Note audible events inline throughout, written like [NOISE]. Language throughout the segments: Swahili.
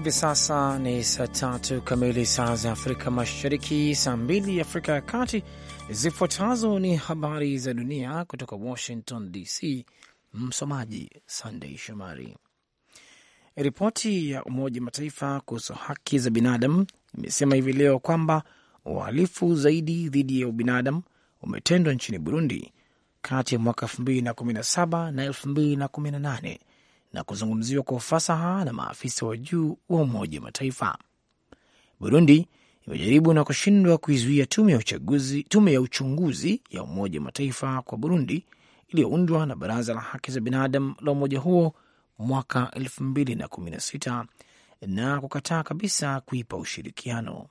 hivi sasa ni saa tatu kamili saa za Afrika Mashariki, saa mbili Afrika ya Kati. Zifuatazo ni habari za dunia kutoka Washington DC. Msomaji Sandei Shomari. Ripoti ya Umoja Mataifa kuhusu haki za binadamu imesema hivi leo kwamba uhalifu zaidi dhidi ya ubinadamu umetendwa nchini Burundi kati ya mwaka 2017 na 2018 na kuzungumziwa kwa ufasaha na maafisa wa juu wa Umoja wa Mataifa. Burundi imejaribu na kushindwa kuizuia tume ya uchaguzi, tume ya uchunguzi ya Umoja wa Mataifa kwa Burundi iliyoundwa na Baraza la Haki za Binadamu la umoja huo mwaka 2016 na kukataa kabisa kuipa ushirikiano.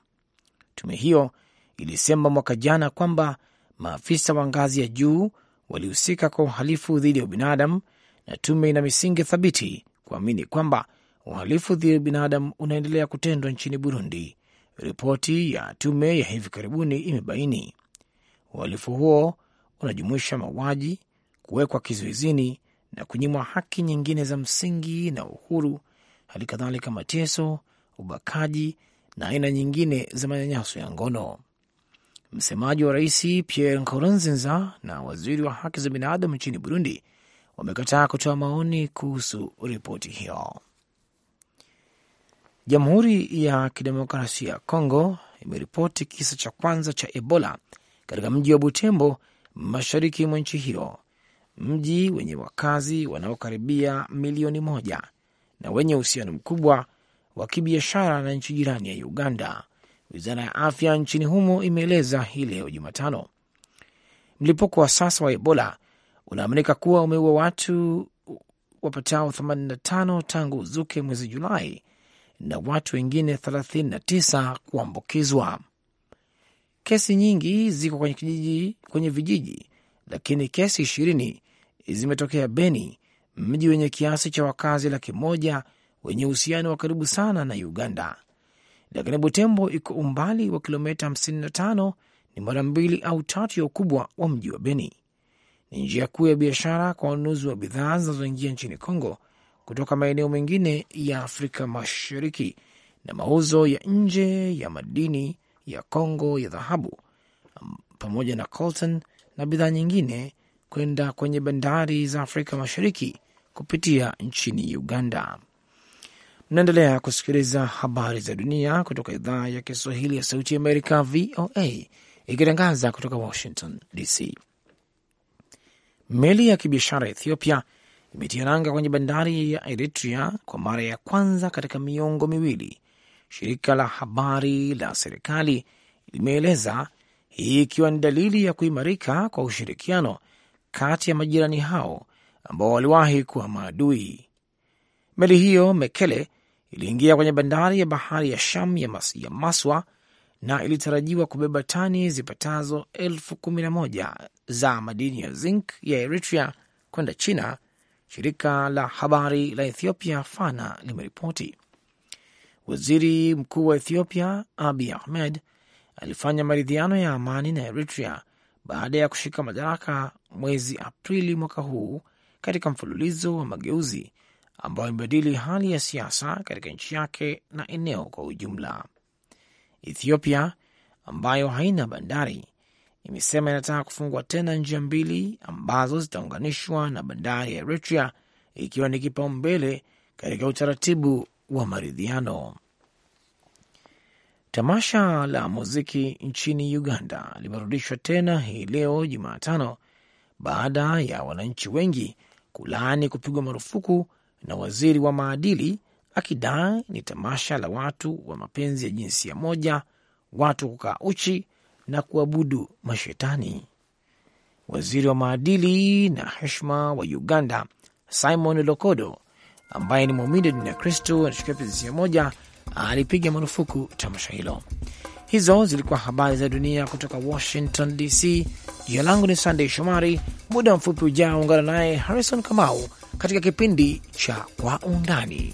Tume hiyo ilisema mwaka jana kwamba maafisa wa ngazi ya juu walihusika kwa uhalifu dhidi ya ubinadamu na tume ina misingi thabiti kuamini kwamba uhalifu dhidi ya binadamu unaendelea kutendwa nchini Burundi. Ripoti ya tume ya hivi karibuni imebaini uhalifu huo unajumuisha mauaji, kuwekwa kizuizini na kunyimwa haki nyingine za msingi na uhuru, hali kadhalika mateso, ubakaji na aina nyingine za manyanyaso ya ngono. Msemaji wa rais Pierre Nkurunziza na waziri wa haki za binadamu nchini Burundi wamekataa kutoa maoni kuhusu ripoti hiyo. Jamhuri ya Kidemokrasia ya Kongo imeripoti kisa cha kwanza cha Ebola katika mji wa Butembo, mashariki mwa nchi hiyo, mji wenye wakazi wanaokaribia milioni moja na wenye uhusiano mkubwa wa kibiashara na nchi jirani ya Uganda. Wizara ya afya nchini humo imeeleza hii leo Jumatano, mlipuko wa sasa wa Ebola unaaminika kuwa umeua watu wapatao 85 tangu uzuke mwezi Julai na watu wengine 39 kuambukizwa. Kesi nyingi ziko kwenye kijiji, kwenye vijiji, lakini kesi ishirini zimetokea Beni, mji wenye kiasi cha wakazi laki moja wenye uhusiano wa karibu sana na Uganda, lakini Butembo iko umbali wa kilomita 55 ni mara mbili au tatu ya ukubwa wa mji wa Beni ni njia kuu ya biashara kwa wanunuzi wa bidhaa zinazoingia nchini congo kutoka maeneo mengine ya Afrika Mashariki, na mauzo ya nje ya madini ya congo ya dhahabu pamoja na coltan na bidhaa nyingine kwenda kwenye bandari za Afrika Mashariki kupitia nchini Uganda. Mnaendelea kusikiliza habari za dunia kutoka idhaa ya Kiswahili ya Sauti ya Amerika, VOA, ikitangaza kutoka Washington DC. Meli ya kibiashara ya Ethiopia imetia nanga kwenye bandari ya Eritrea kwa mara ya kwanza katika miongo miwili, shirika la habari la serikali limeeleza, hii ikiwa ni dalili ya kuimarika kwa ushirikiano kati ya majirani hao ambao waliwahi kuwa maadui. Meli hiyo Mekele iliingia kwenye bandari ya bahari ya Sham ya Maswa na ilitarajiwa kubeba tani zipatazo elfu kumi na moja za madini ya zinc ya Eritrea kwenda China, shirika la habari la Ethiopia Fana limeripoti. Waziri mkuu wa Ethiopia Abiy Ahmed alifanya maridhiano ya amani na Eritrea baada ya kushika madaraka mwezi Aprili mwaka huu katika mfululizo wa mageuzi ambayo imebadili hali ya siasa katika nchi yake na eneo kwa ujumla. Ethiopia ambayo haina bandari imesema inataka kufungwa tena njia mbili ambazo zitaunganishwa na bandari ya Eritrea, ikiwa ni kipaumbele katika utaratibu wa maridhiano. Tamasha la muziki nchini Uganda limerudishwa tena hii leo Jumatano baada ya wananchi wengi kulaani kupigwa marufuku na waziri wa maadili akidai ni tamasha la watu wa mapenzi ya jinsia moja, watu kukaa uchi na kuabudu mashetani. Waziri wa maadili na heshima wa Uganda Simon Lokodo, ambaye ni muumini dini ya Kristo, anashikia pezisia moja, alipiga marufuku tamasha hilo. Hizo zilikuwa habari za dunia kutoka Washington DC. Jina langu ni Sandey Shomari. Muda mfupi ujao ungana naye Harrison Kamau katika kipindi cha Kwa Undani.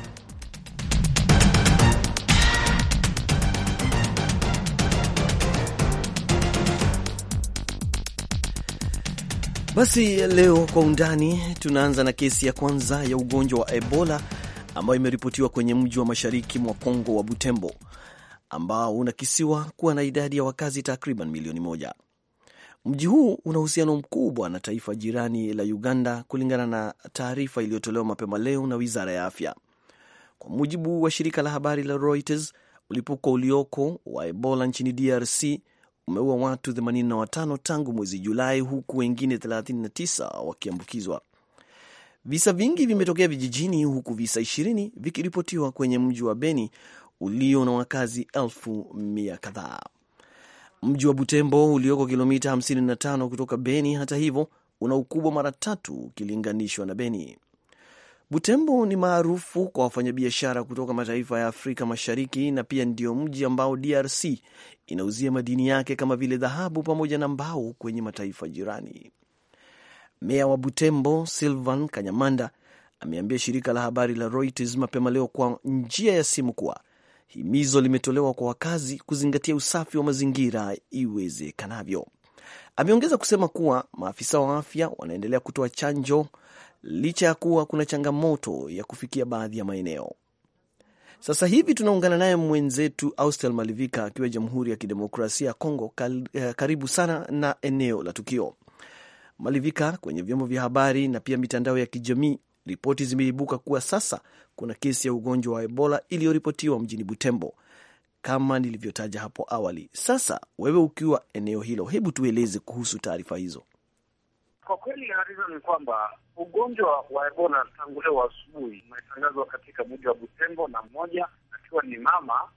Basi leo kwa undani tunaanza na kesi ya kwanza ya ugonjwa wa Ebola ambayo imeripotiwa kwenye mji wa mashariki mwa Kongo wa Butembo ambao unakisiwa kuwa na idadi ya wakazi takriban milioni moja. Mji huu una uhusiano mkubwa na taifa jirani la Uganda kulingana na taarifa iliyotolewa mapema leo na Wizara ya Afya. Kwa mujibu wa shirika la habari la Reuters, mlipuko ulioko wa Ebola nchini DRC umeua watu 85 tangu mwezi Julai, huku wengine 39 wakiambukizwa. Visa vingi vimetokea vijijini, huku visa 20 vikiripotiwa kwenye mji wa Beni ulio na wakazi elfu mia kadhaa. Mji wa Butembo ulioko kilomita 55 kutoka Beni, hata hivyo, una ukubwa mara tatu ukilinganishwa na Beni. Butembo ni maarufu kwa wafanyabiashara kutoka mataifa ya Afrika Mashariki na pia ndio mji ambao DRC inauzia madini yake kama vile dhahabu pamoja na mbao kwenye mataifa jirani. Meya wa Butembo Silvan Kanyamanda ameambia shirika la habari la Reuters mapema leo kwa njia ya simu kuwa himizo limetolewa kwa wakazi kuzingatia usafi wa mazingira iwezekanavyo. Ameongeza kusema kuwa maafisa wa afya wanaendelea kutoa chanjo licha ya kuwa kuna changamoto ya kufikia baadhi ya maeneo. Sasa hivi tunaungana naye mwenzetu Austel Malivika akiwa Jamhuri ya Kidemokrasia ya Kongo. Eh, karibu sana na eneo la tukio, Malivika. Kwenye vyombo vya habari na pia mitandao ya kijamii, ripoti zimeibuka kuwa sasa kuna kesi ya ugonjwa wa Ebola iliyoripotiwa mjini Butembo kama nilivyotaja hapo awali. Sasa wewe ukiwa eneo hilo, hebu tueleze kuhusu taarifa hizo. Kwa kweli Harizon, ni kwamba ugonjwa wa Ebola tangu leo asubuhi umetangazwa katika mji wa Butembo na mmoja akiwa ni mama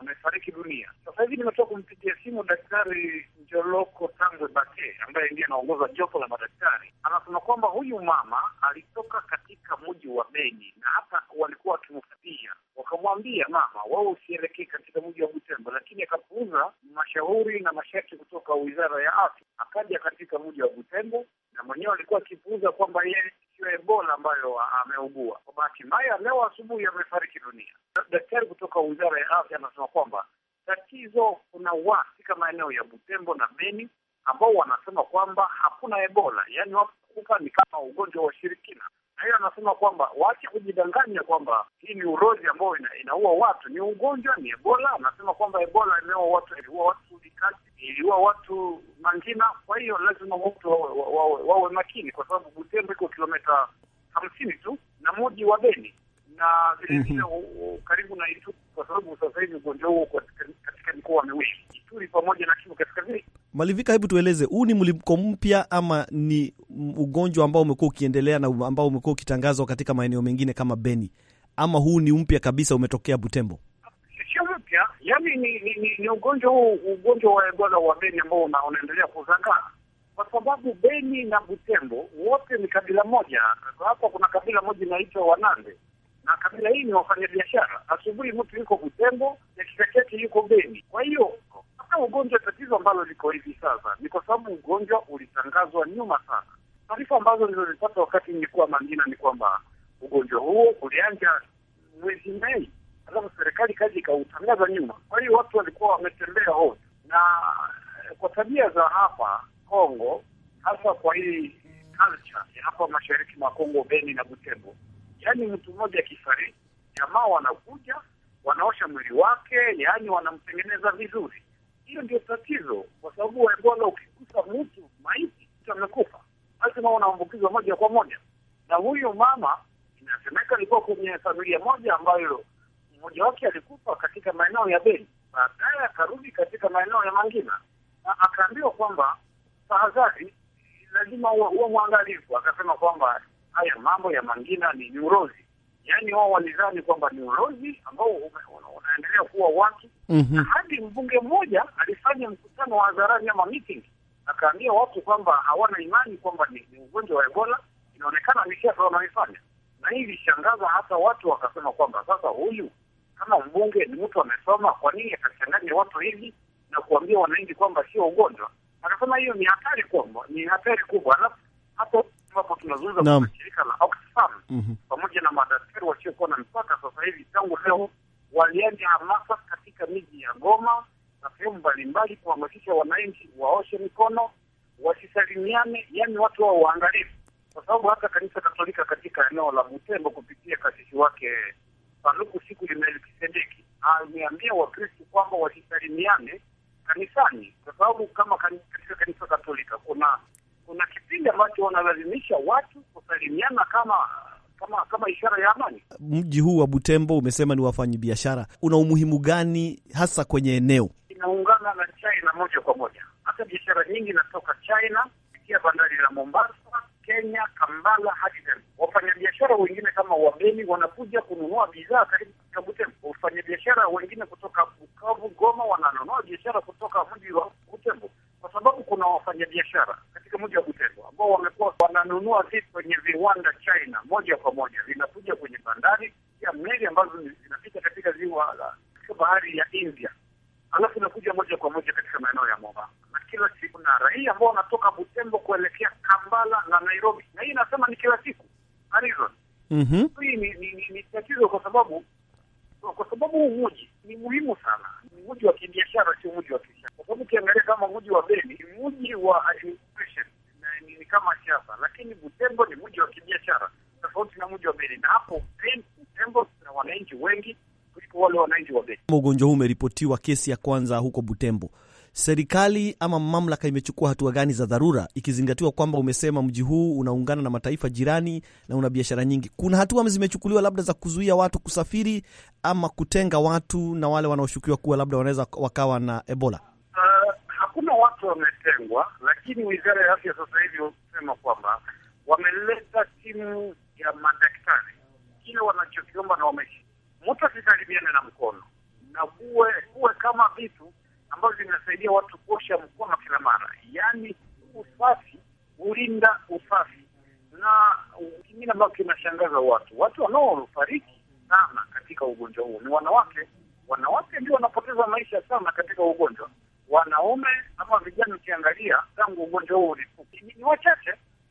amefariki dunia. Sasa hivi nimetoka kumpigia simu Daktari Njoloko Tangwe Bake ambaye ndiye anaongoza jopo la madaktari, anasema kwamba huyu mama alitoka katika mji wa Beni na hata walikuwa wakimfuatia wakamwambia mama wao usielekee katika mji wa Butembo, lakini akapuuza mashauri na masharti kutoka wizara ya afya, akaja katika mji wa Butembo na mwenyewe alikuwa akipuuza kwamba yeye sio Ebola ambayo ameugua. Kwa bahati mbaya, leo asubuhi amefariki dunia. Daktari kutoka wizara ya afya anasema kwamba tatizo kuna watu katika maeneo ya Butembo na Beni ambao wanasema kwamba hakuna Ebola, yaani wakufa ni kama ugonjwa wa shirikina. Na hiyo anasema kwamba waache kujidanganya kwamba hii ni urozi ambao ina, inaua watu. Ni ugonjwa, ni Ebola. Anasema kwamba Ebola imeua watu, iliua watu Likasi, iliua watu Mangina. Kwa hiyo lazima watu wawe wa, wa, wa, wa makini, kwa sababu Butembo iko kilomita hamsini tu na mji wa Beni na vilevile mhm. karibu na Ituri, kwa sababu sasa hivi ugonjwa huo katika mkoa miwili Ituri pamoja na Kivu Kaskazini. Malivika, hebu tueleze, huu ni mlipuko mpya ama ni ugonjwa ambao umekuwa ukiendelea na ambao umekuwa ukitangazwa katika maeneo mengine kama Beni, ama huu ni mpya kabisa umetokea Butembo? Sio mpya, yani ni, ni, ni, ni ugonjwa huu, ugonjwa wa Ebola wa Beni ambao unaendelea kuzangaa kwa sababu Beni na Butembo wote ni kabila moja. Hapa kuna kabila moja inaitwa Wanande na kabila hii ni wafanyabiashara. Asubuhi mtu yuko Butembo, dakika chache yuko Beni. Kwa hiyo hata ugonjwa, tatizo ambalo liko hivi sasa ni kwa sababu ugonjwa ulitangazwa nyuma sana. Taarifa ambazo nilizozipata wakati nilikuwa Mangina ni kwamba ugonjwa huo ulianja mwezi Mei, alafu serikali kazi ikautangaza nyuma. Kwa hiyo watu walikuwa wametembea hote, na eh, kwa tabia za hapa Kongo, hasa kwa hii culture ya hapa mashariki mwa Kongo, Beni na Butembo Yaani mtu mmoja akifariki, jamaa wanakuja wanaosha mwili wake, yaani wanamtengeneza vizuri. Hiyo ndio tatizo, kwa sababu waebola ukigusa mtu maiti, mtu amekufa, lazima unaambukizwa moja kwa moja. Na huyu mama inasemeka alikuwa kwenye familia moja ambayo mmoja wake alikufa katika maeneo ya Beni, baadaye akarudi katika maeneo ya Mangina na akaambiwa kwamba tahadhari lazima uwe mwangalifu. Akasema kwamba haya mambo ya Mangina ni neurosis. yaani wao walidhani kwamba neurosis ambao unaendelea kuwa waki mm -hmm. Hadi mbunge mmoja alifanya mkutano wa hadharani ama meeting, akaambia watu kwamba hawana imani kwamba ni, ni ugonjwa wa Ebola. Inaonekana ni siasa wanaifanya, na hii ilishangaza hata watu wakasema kwamba sasa huyu kama mbunge ni mtu amesoma, kwa nini akachanganya watu hivi na kuambia wananchi kwamba sio ugonjwa? Akasema hiyo ni hatari kubwa, ni hatari kubwa. Alafu ambapo tunazungumza no. shirika la Oxfam mm -hmm. pamoja na madaktari wasiokuwa na mipaka sasa hivi tangu leo walienda hamasa katika miji ya Goma na sehemu mbalimbali kuhamasisha wananchi waoshe mikono, wasisalimiane, yani watu wao waangalifu, kwa sababu hata kanisa Katolika katika eneo la Butembo kupitia kasisi wake Paluku siku ya Melkisedeki ameambia Wakristo kwamba wasisalimiane kanisani, kwa sababu kama katika kanisa Katolika kuna kuna kipindi ambacho wanalazimisha watu kusalimiana kama kama kama ishara ya amani. Mji huu wa Butembo umesema ni wafanyabiashara, una umuhimu gani hasa kwenye eneo? Inaungana na China moja kwa moja, hata biashara nyingi inatoka China kupitia bandari la Mombasa, Kenya, Kambala hadi wafanyabiashara wengine kama wageni wanakuja kununua bidhaa karibu katika Butembo. Wafanyabiashara wengine kutoka Bukavu, Goma wananunua biashara kutoka mji wa Butembo kwa sababu kuna wafanyabiashara moja kutengwa, ambao wamekuwa wananunua vitu kwenye viwanda China moja kwa moja, vinakuja kwenye bandari ya meli ambazo zinapita katika ziwa la katika bahari ya India, alafu inakuja moja kwa moja katika maeneo ya Moba na kila siku na raia ambao wanatoka Butembo kuelekea Kambala na Nairobi, na hii nasema ni kila siku Arizona. Mm-hmm. Hii ni, ni, ni, ni tatizo kwa sababu kwa sababu huu mji ni muhimu sana, ni mji wa kibiashara, sio mji wa kibiashara, kwa sababu ukiangalia kama mji wa Beni ni mji wa lakini Butembo ni mji wa kibiashara tofauti na mji wa Beni, na hapo Butembo kuna wananchi wengi kuliko wale wananchi wa Beni. Ugonjwa huu umeripotiwa kesi ya kwanza huko Butembo. Serikali ama mamlaka imechukua hatua gani za dharura, ikizingatiwa kwamba umesema mji huu unaungana na mataifa jirani na una biashara nyingi? Kuna hatua zimechukuliwa labda za kuzuia watu kusafiri ama kutenga watu na wale wanaoshukiwa kuwa labda wanaweza wakawa na Ebola? watu wametengwa, lakini wizara ya afya sasa hivi wamesema kwamba wameleta timu ya madaktari, kile wanachokiomba na wameshi mtu asisalimiane na mkono na kuwe kuwe kama vitu ambavyo vinasaidia watu kuosha mkono kila mara, yaani usafi, hulinda usafi. Na kingine ambacho kinashangaza watu, watu wanaofariki sana katika ugonjwa huu ni wanawake. Wanawake ndio wanapoteza maisha sana katika ugonjwa wanaume ama vijana, ukiangalia tangu ugonjwa huo ulipuke ni wachache.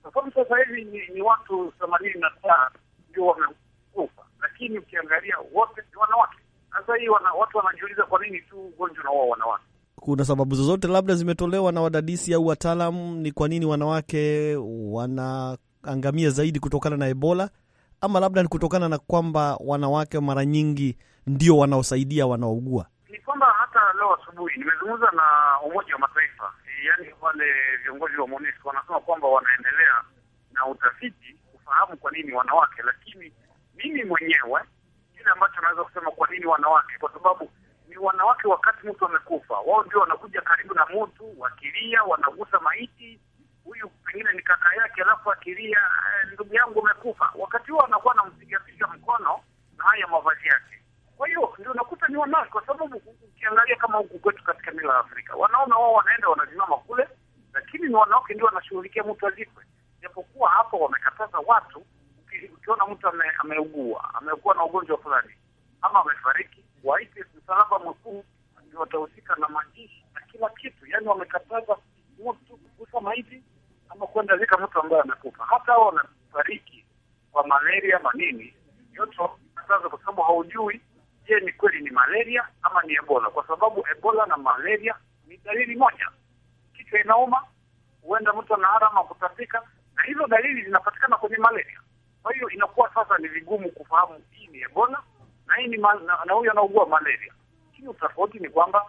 Mfano sasa hivi ni, ni watu themanini na saa ndio wamekufa, lakini ukiangalia wote ni wanawake. Sasa hii wana, watu wanajiuliza kwa nini tu ugonjwa unaua wanawake? Kuna sababu zozote labda zimetolewa na wadadisi au wataalam, ni kwa nini wanawake wanaangamia zaidi kutokana na Ebola, ama labda ni kutokana na kwamba wanawake mara nyingi ndio wanaosaidia wanaougua? Ni kwamba hata leo asubuhi nimezungumza na Umoja wa Mataifa, yaani wale viongozi wa MONUSCO wanasema kwamba wanaendelea na utafiti kufahamu kwa nini wanawake, lakini mimi mwenyewe kile ambacho naweza kusema kwa nini wanawake, kwa sababu ni wanawake, wakati mtu amekufa, wao ndio wanakuja karibu na mtu wakilia, wanagusa maiti huyu pengine ni kaka yake, alafu akilia, eh, ndugu yangu amekufa, wakati huo anakuwa anampigapiga mkono na haya mavazi yake kwa hiyo ndio unakuta ni wanawake, kwa sababu ukiangalia kama huku kwetu katika mila ya Afrika, wanaona wao wanaenda wanazimama kule, lakini ni wanawake ndio wanashughulikia mtu azikwe, japokuwa hapo wamekataza watu. Ukiona mtu ameugua, amekuwa na ugonjwa fulani ama amefariki, waite Msalaba Mwekundu ndio watahusika na majishi na kila kitu. Yani wamekataza mtu kugusa maiti ama kwenda zika mtu ambaye amekufa, hata hao wanafariki kwa malaria manini, yote kwa sababu haujui je, ni kweli ni malaria ama ni Ebola? Kwa sababu Ebola na malaria ni dalili moja, kichwa inauma, huenda mtu anahara ama kutapika, na hizo dalili zinapatikana kwenye malaria. Kwa hiyo inakuwa sasa ni vigumu kufahamu hii ni Ebola na hii ni na huyu anaugua malaria, lakini tofauti ni kwamba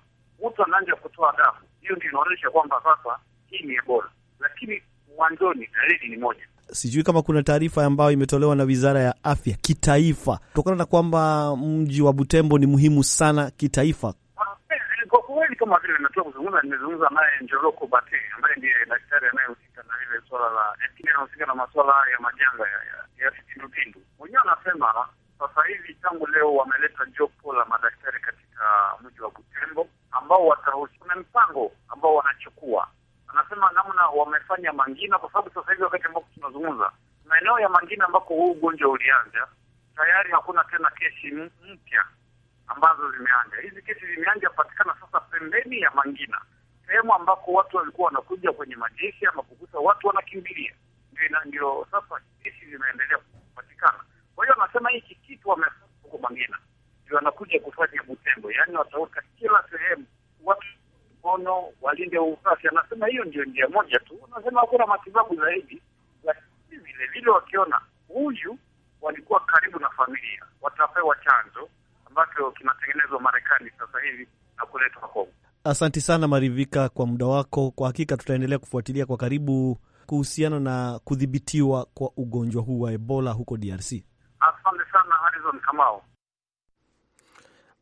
mtu anaanza kutoa damu, hiyo ndio inaonyesha kwamba sasa hii ni Ebola, lakini mwanzoni dalili ni moja sijui kama kuna taarifa ambayo imetolewa na Wizara ya Afya kitaifa, kutokana na kwamba mji wa Butembo ni muhimu sana kitaifa. Kwa kweli, kama vile nimetoka kuzungumza, nimezungumza naye Njoloko Bate ambaye ndiye daktari anayehusika na ile swala la eh, anahusika na maswala ya majanga ya Nasema hiyo ndio njia moja tu, unasema hakuna matibabu zaidi, lakini vile vile wakiona huyu walikuwa karibu na familia, watapewa chanjo ambacho kinatengenezwa Marekani sasa hivi na kuletwa Kongo. Asanti sana Marivika kwa muda wako. Kwa hakika tutaendelea kufuatilia kwa karibu kuhusiana na kudhibitiwa kwa ugonjwa huu wa Ebola huko DRC. Asante sana Harizon Kamao.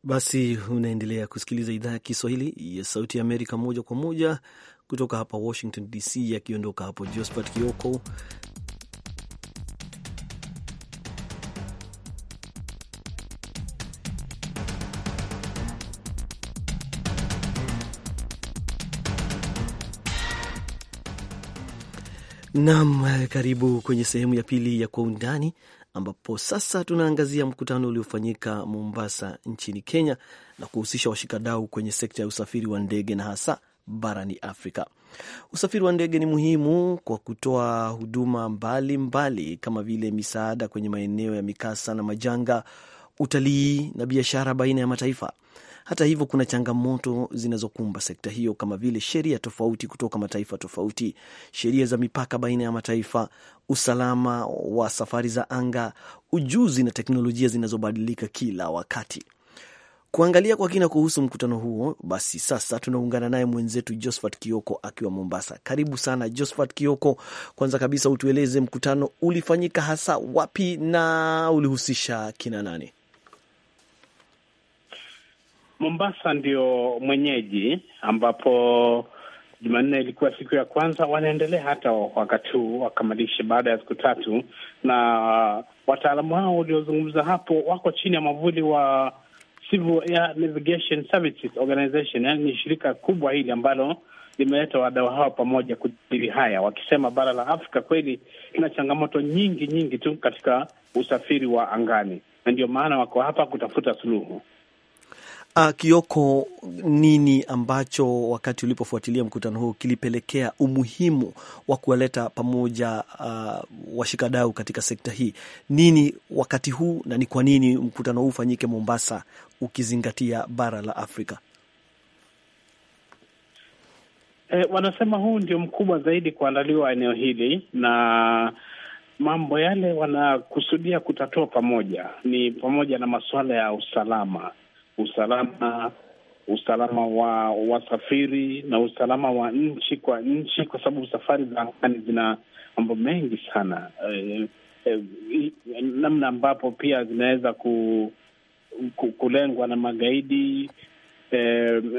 Basi unaendelea kusikiliza idhaa ya Kiswahili ya Sauti ya Amerika moja kwa moja kutoka hapa Washington DC, akiondoka hapo Josphat Kioko. Nam, eh, karibu kwenye sehemu ya pili ya Kwa Undani, ambapo sasa tunaangazia mkutano uliofanyika Mombasa nchini Kenya na kuhusisha washikadau kwenye sekta ya usafiri wa ndege na hasa barani Afrika. Usafiri wa ndege ni muhimu kwa kutoa huduma mbalimbali mbali, kama vile misaada kwenye maeneo ya mikasa na majanga, utalii na biashara baina ya mataifa. Hata hivyo, kuna changamoto zinazokumba sekta hiyo kama vile sheria tofauti kutoka mataifa tofauti, sheria za mipaka baina ya mataifa, usalama wa safari za anga, ujuzi na teknolojia zinazobadilika kila wakati kuangalia kwa kina kuhusu mkutano huo, basi sasa tunaungana naye mwenzetu Josphat Kioko akiwa Mombasa. Karibu sana Josphat Kioko. Kwanza kabisa, utueleze mkutano ulifanyika hasa wapi na ulihusisha kina nani? Mombasa ndio mwenyeji, ambapo Jumanne ilikuwa siku ya kwanza, wanaendelea hata wakati huu wakamilishe baada ya siku tatu, na wataalamu hao waliozungumza hapo wako chini ya mwavuli wa Civil Air Navigation Services Organization, ni shirika kubwa hili ambalo limeleta wadau hawa pamoja kujadili haya, wakisema bara la Afrika kweli lina changamoto nyingi nyingi tu katika usafiri wa angani, na ndio maana wako hapa kutafuta suluhu. Uh, Kioko, nini ambacho wakati ulipofuatilia mkutano huu kilipelekea umuhimu wa kuwaleta pamoja uh, washikadau katika sekta hii? Nini wakati huu na ni kwa nini mkutano huu ufanyike Mombasa ukizingatia bara la Afrika? Eh, wanasema huu ndio mkubwa zaidi kuandaliwa eneo hili na mambo yale wanakusudia kutatua pamoja ni pamoja na masuala ya usalama usalama usalama wa wasafiri na usalama wa nchi kwa nchi, kwa sababu safari za angani zina mambo mengi sana e, e, namna ambapo pia zinaweza ku, ku, kulengwa na magaidi e,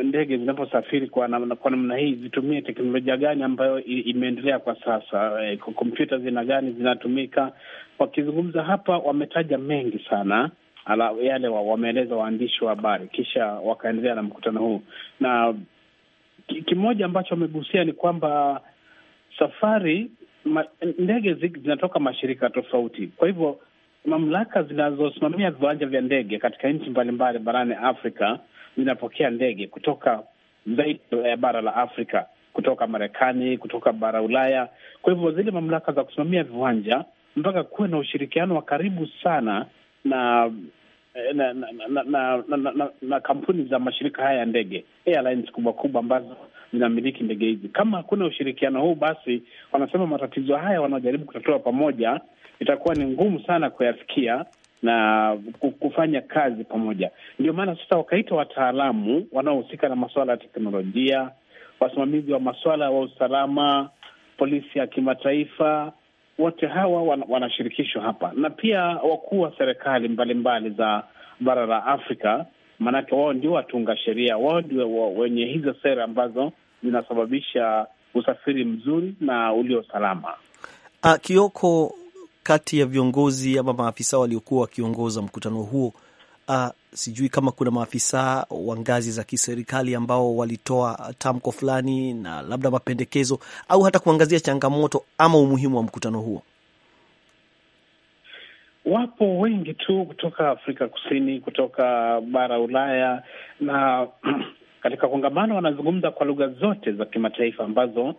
ndege zinaposafiri kwa namna kwa namna hii zitumie teknolojia gani ambayo imeendelea kwa sasa e, kompyuta zina gani zinatumika. Wakizungumza hapa wametaja mengi sana ala, yale wameeleza waandishi wa habari, kisha wakaendelea na mkutano huu, na kimoja ambacho wamegusia ni kwamba safari ma, ndege zinatoka mashirika tofauti, kwa hivyo mamlaka zinazosimamia viwanja vya ndege katika nchi mbalimbali barani Afrika zinapokea ndege kutoka zaidi ya bara la Afrika, kutoka Marekani, kutoka bara Ulaya. Kwa hivyo zile mamlaka za kusimamia viwanja mpaka kuwe na ushirikiano wa karibu sana na na na, na, na, na, na na kampuni za mashirika haya ya ndege airlines kubwa kubwa ambazo zinamiliki ndege hizi. Kama hakuna ushirikiano huu, basi wanasema matatizo haya wanaojaribu kutatua pamoja itakuwa ni ngumu sana kuyafikia na kufanya kazi pamoja. Ndio maana sasa wakaita wataalamu wanaohusika na masuala ya teknolojia, wasimamizi wa masuala wa usalama, polisi ya kimataifa wote hawa wanashirikishwa hapa na pia wakuu wa serikali mbalimbali za bara la Afrika, maanake wao ndio watunga sheria, wao ndio wenye hizo sera ambazo zinasababisha usafiri mzuri na ulio salama. A, ah, Kioko, kati ya viongozi ama maafisa waliokuwa wakiongoza mkutano huo, a, ah, sijui kama kuna maafisa wa ngazi za kiserikali ambao walitoa tamko fulani na labda mapendekezo au hata kuangazia changamoto ama umuhimu wa mkutano huo? Wapo wengi tu kutoka Afrika Kusini, kutoka bara Ulaya na [CLEARS THROAT] katika kongamano wanazungumza kwa lugha zote za kimataifa ambazo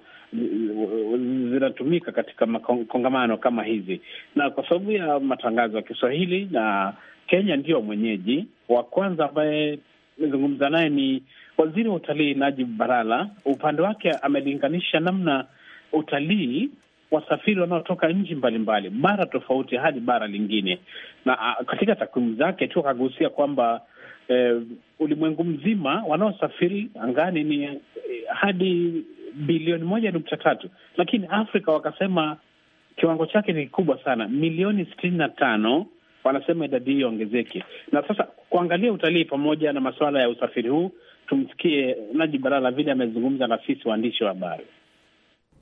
zinatumika katika kongamano kama hizi, na kwa sababu ya matangazo ya Kiswahili na Kenya ndiyo mwenyeji wa kwanza ambaye nimezungumza naye ni waziri wa utalii Najib Balala. Upande wake amelinganisha namna utalii wasafiri wanaotoka nchi mbalimbali bara tofauti hadi bara lingine, na ah, katika takwimu zake tu akagusia kwamba eh, ulimwengu mzima wanaosafiri angani ni eh, hadi bilioni moja nukta tatu, lakini Afrika wakasema kiwango chake ni kikubwa sana, milioni sitini na tano wanasema idadi hiyo iongezeke. Na sasa kuangalia utalii pamoja na masuala ya usafiri huu, tumsikie Najib Balala vile amezungumza na sisi waandishi wa habari.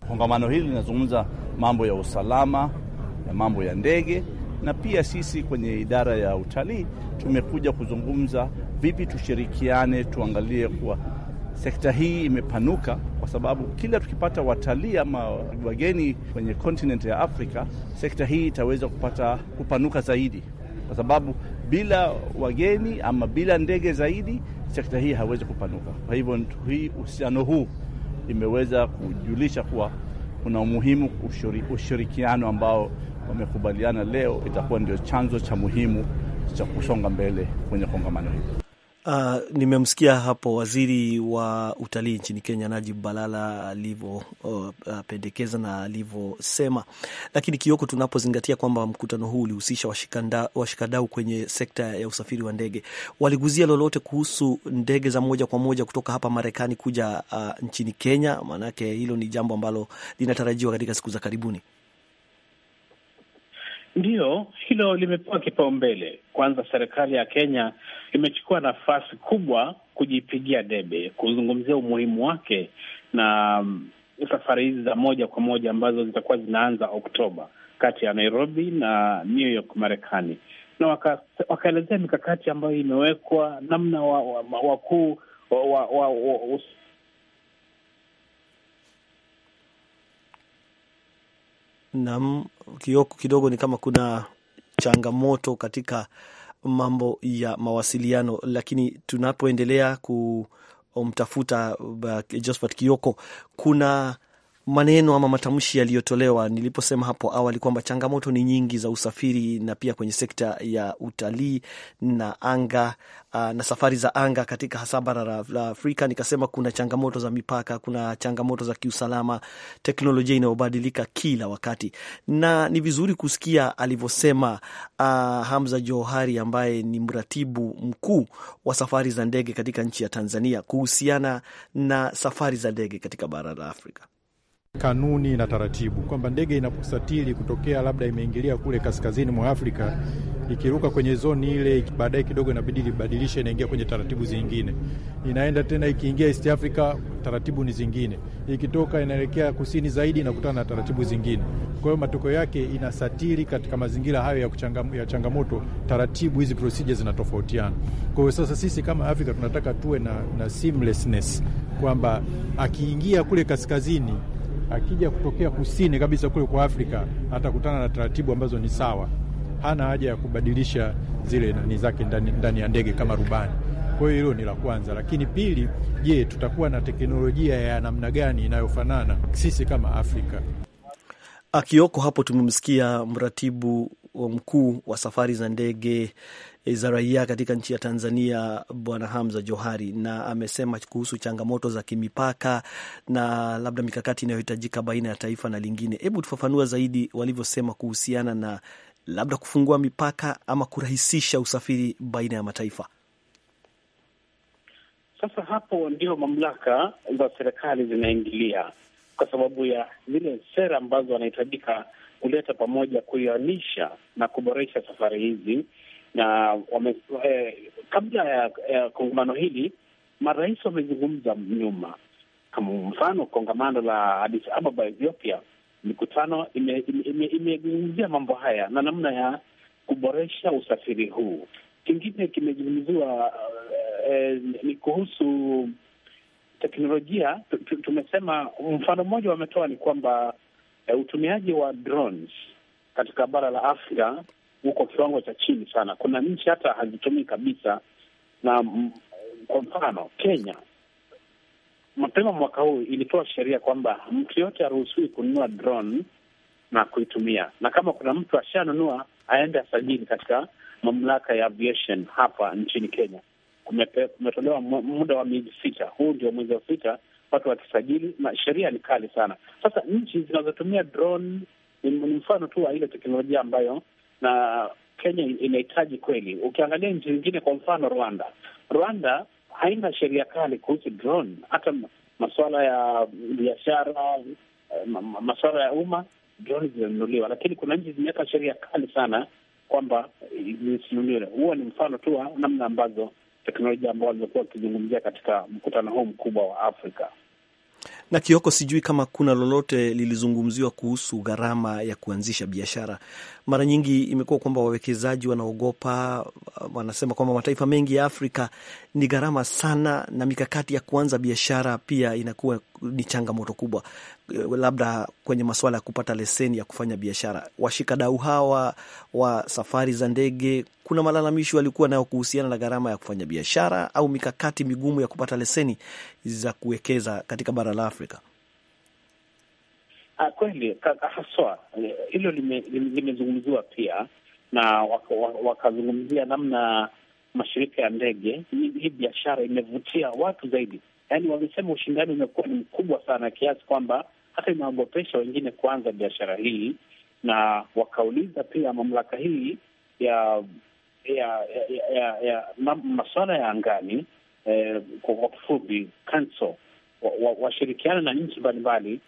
Kongamano hili linazungumza mambo ya usalama na mambo ya ndege, na pia sisi kwenye idara ya utalii tumekuja kuzungumza vipi tushirikiane, tuangalie kuwa sekta hii imepanuka kwa sababu kila tukipata watalii ama wageni kwenye kontinenti ya Afrika, sekta hii itaweza kupata kupanuka zaidi, kwa sababu bila wageni ama bila ndege zaidi, sekta hii hawezi kupanuka. Kwa hivyo hii uhusiano huu imeweza kujulisha kuwa kuna umuhimu ushirikiano ambao wamekubaliana leo itakuwa ndio chanzo cha muhimu cha kusonga mbele kwenye kongamano hili. Uh, nimemsikia hapo waziri wa utalii nchini Kenya Najib Balala alivyopendekeza oh, ah, uh, na alivyosema, lakini Kioko, tunapozingatia kwamba mkutano huu ulihusisha washikadau kwenye sekta ya usafiri wa ndege, waliguzia lolote kuhusu ndege za moja kwa moja kutoka hapa Marekani kuja uh, nchini Kenya? Maanake hilo ni jambo ambalo linatarajiwa katika siku za karibuni. Ndiyo, hilo limepewa kipaumbele. Kwanza, serikali ya Kenya imechukua nafasi kubwa kujipigia debe, kuzungumzia umuhimu wake na mm, safari hizi za moja kwa moja ambazo zitakuwa zinaanza Oktoba kati ya Nairobi na New York Marekani, na wakaelezea waka mikakati ambayo imewekwa namna wakuu wa, wa, wa, wa, wa, wa, Naam, Kioko, kidogo ni kama kuna changamoto katika mambo ya mawasiliano, lakini tunapoendelea kumtafuta um, uh, Josephat Kioko, kuna maneno ama matamshi yaliyotolewa niliposema hapo awali kwamba changamoto ni nyingi za usafiri na pia kwenye sekta ya utalii na anga uh, na safari za anga katika hasa bara la Afrika. Nikasema kuna changamoto za mipaka, kuna changamoto za kiusalama, teknolojia inayobadilika kila wakati, na ni vizuri kusikia alivyosema uh, Hamza Johari ambaye ni mratibu mkuu wa safari za ndege katika nchi ya Tanzania kuhusiana na safari za ndege katika bara la Afrika kanuni na taratibu kwamba ndege inaposatili kutokea labda imeingilia kule kaskazini mwa Afrika ikiruka kwenye zoni ile, baadaye kidogo inabidi libadilisha, inaingia kwenye taratibu zingine, inaenda tena, ikiingia East Africa taratibu ni zingine, ikitoka inaelekea kusini zaidi inakutana na taratibu zingine. Kwa hiyo matokeo yake inasatili katika mazingira hayo ya, kuchangam, ya changamoto, taratibu hizi procedures zinatofautiana. Kwa hiyo sasa sisi kama Afrika tunataka tuwe na, na seamlessness kwamba akiingia kule kaskazini akija kutokea kusini kabisa kule kwa Afrika atakutana na taratibu ambazo ni sawa, hana haja ya kubadilisha zile nani zake ndani ya ndege kama rubani. Kwa hiyo hilo ni la kwanza, lakini pili, je, tutakuwa na teknolojia ya namna gani inayofanana sisi kama Afrika? Akioko hapo tumemsikia mratibu mkuu wa safari za ndege za raia katika nchi ya Tanzania, Bwana Hamza Johari, na amesema kuhusu changamoto za kimipaka na labda mikakati inayohitajika baina ya taifa na lingine. Hebu tufafanua zaidi walivyosema kuhusiana na labda kufungua mipaka ama kurahisisha usafiri baina ya mataifa. Sasa hapo ndio mamlaka za serikali zinaingilia kwa sababu ya zile sera ambazo wanahitajika kuleta pamoja, kuianisha na kuboresha safari hizi na wame, eh, kabla ya, ya kongamano hili marais wamezungumza nyuma, kama mfano kongamano la Addis Ababa Ethiopia, mikutano imezungumzia mambo haya na namna ya kuboresha usafiri huu. Kingine kimezungumziwa eh, eh ni kuhusu teknolojia. Tumesema mfano mmoja wametoa ni kwamba e, utumiaji wa drones katika bara la Afrika uko kiwango cha chini sana. Kuna nchi hata hazitumii kabisa, na mm, kwa mfano Kenya mapema mwaka huu ilitoa sheria kwamba mtu yote aruhusiwi kununua drone na kuitumia, na kama kuna mtu ashanunua aende asajili katika mamlaka ya aviation hapa nchini Kenya. Kumetolewa muda wa miezi sita, huu ndio mwezi wa sita watu wakisajili, na sheria ni kali sana. Sasa nchi zinazotumia drone ni mfano tu wa ile teknolojia ambayo na Kenya inahitaji kweli. Ukiangalia nchi zingine, kwa mfano Rwanda, Rwanda haina sheria kali kuhusu drone, hata masuala ya biashara, eh, masuala ya umma, drone zinanunuliwa, lakini kuna nchi zimeweka sheria kali sana kwamba eh, zisinunuliwe. Huo ni mfano tu wa namna ambazo teknolojia ambao wamekuwa wakizungumzia katika mkutano huu mkubwa wa Afrika. Na Kioko, sijui kama kuna lolote lilizungumziwa kuhusu gharama ya kuanzisha biashara. Mara nyingi imekuwa kwamba wawekezaji wanaogopa, wanasema kwamba mataifa mengi ya Afrika ni gharama sana, na mikakati ya kuanza biashara pia inakuwa ni changamoto kubwa labda kwenye masuala ya kupata leseni ya kufanya biashara. Washikadau hawa wa safari za ndege, kuna malalamisho walikuwa nayo kuhusiana na gharama ya kufanya biashara au mikakati migumu ya kupata leseni za kuwekeza katika bara la Afrika. Ah, kweli haswa eh, hilo limezungumziwa pia na wakazungumzia waka namna mashirika ya ndege, hii biashara imevutia watu zaidi. Yaani wamesema ushindani umekuwa ni mkubwa sana kiasi kwamba hata imeogopesha wengine kuanza biashara hii, na wakauliza pia mamlaka hii ya ya, ya, ya, ya ya masuala ya angani eh, kwa kifupi council washirikiana wa, wa na nchi mbalimbali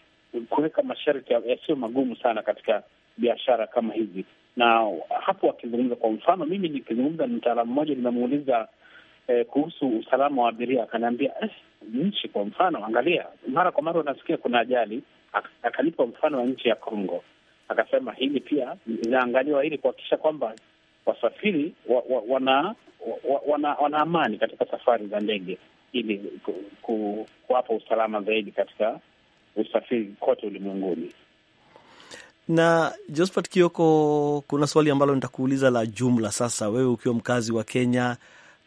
kuweka masharti yasiyo magumu sana katika biashara kama hizi. Na hapo wakizungumza, kwa mfano, mimi nikizungumza na mtaalamu mmoja, nimemuuliza eh, kuhusu usalama wa abiria, akaniambia eh, nchi. Kwa mfano, angalia, mara kwa mara unasikia kuna ajali, akalipa mfano wa nchi ya Kongo, akasema hili pia inaangaliwa ili kuhakikisha kwamba wasafiri wa, wa, wana, wa, wana wana amani katika safari za ndege ili ku, ku, kuwapa usalama zaidi katika usafiri kote ulimwenguni. Na Josphat Kioko, kuna swali ambalo nitakuuliza la jumla sasa. Wewe ukiwa mkazi wa Kenya,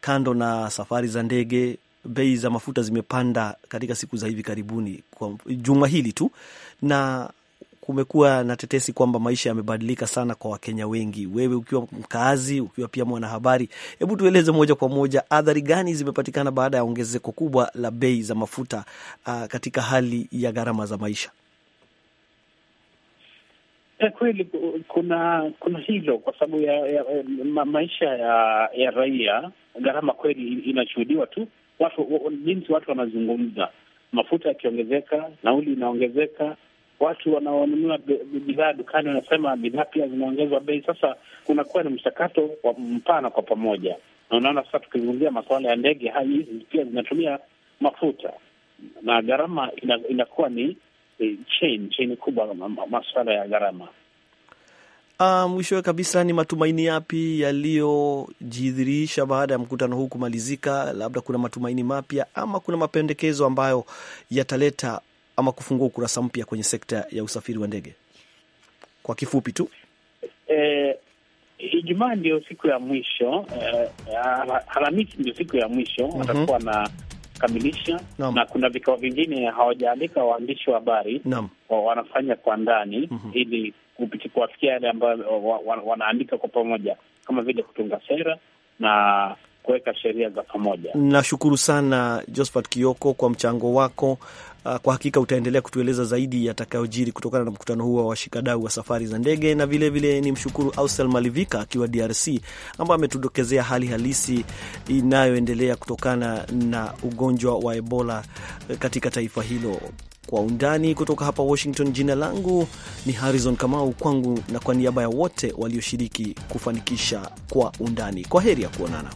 kando na safari za ndege, bei za mafuta zimepanda katika siku za hivi karibuni, kwa juma hili tu, na kumekuwa na tetesi kwamba maisha yamebadilika sana kwa Wakenya wengi. Wewe ukiwa mkaazi, ukiwa pia mwanahabari, hebu tueleze moja kwa moja athari gani zimepatikana baada ya ongezeko kubwa la bei za mafuta uh, katika hali ya gharama za maisha? E, kweli kuna kuna hilo kwa sababu ya, ya, ya ma, maisha ya ya raia, gharama kweli inashuhudiwa tu watu, jinsi watu wanazungumza. Mafuta yakiongezeka, nauli inaongezeka, watu wanaonunua bidhaa dukani wanasema bidhaa pia zinaongezwa bei. Sasa kunakuwa ni mchakato wa mpana kwa pamoja, na unaona sasa, tukizungumzia masuala ya ndege, hali hizi pia zinatumia mafuta na gharama inakuwa ni eh, chain chain kubwa, masuala ya gharama Uh, mwishowe kabisa ni matumaini yapi yaliyojidhirisha baada ya mkutano huu kumalizika? Labda kuna matumaini mapya ama kuna mapendekezo ambayo yataleta ama kufungua ukurasa mpya kwenye sekta ya usafiri wa ndege? Kwa kifupi tu, eh, Ijumaa ndio siku ya mwisho eh, Alhamisi ndio siku ya mwisho mhm. watakuwa mm -hmm. na kamilisha Naam. na kuna vikao vingine hawajaandika waandishi wa habari wanafanya kwa ndani mm -hmm. ili kuwafikia yale ambayo wanaandika kwa pamoja, kama vile kutunga sera na kuweka sheria za pamoja. Nashukuru sana Josphat Kioko kwa mchango wako. Ah, kwa hakika utaendelea kutueleza zaidi yatakayojiri kutokana na mkutano huo wa washikadau wa safari za ndege, na vilevile ni mshukuru Ausel Malivika akiwa DRC ambaye ametudokezea hali halisi inayoendelea kutokana na ugonjwa wa Ebola eh, katika taifa hilo. Kwa undani kutoka hapa Washington, jina langu ni Harrison Kamau, kwangu na kwa niaba ya wote walioshiriki kufanikisha kwa undani, kwa heri ya kuonana.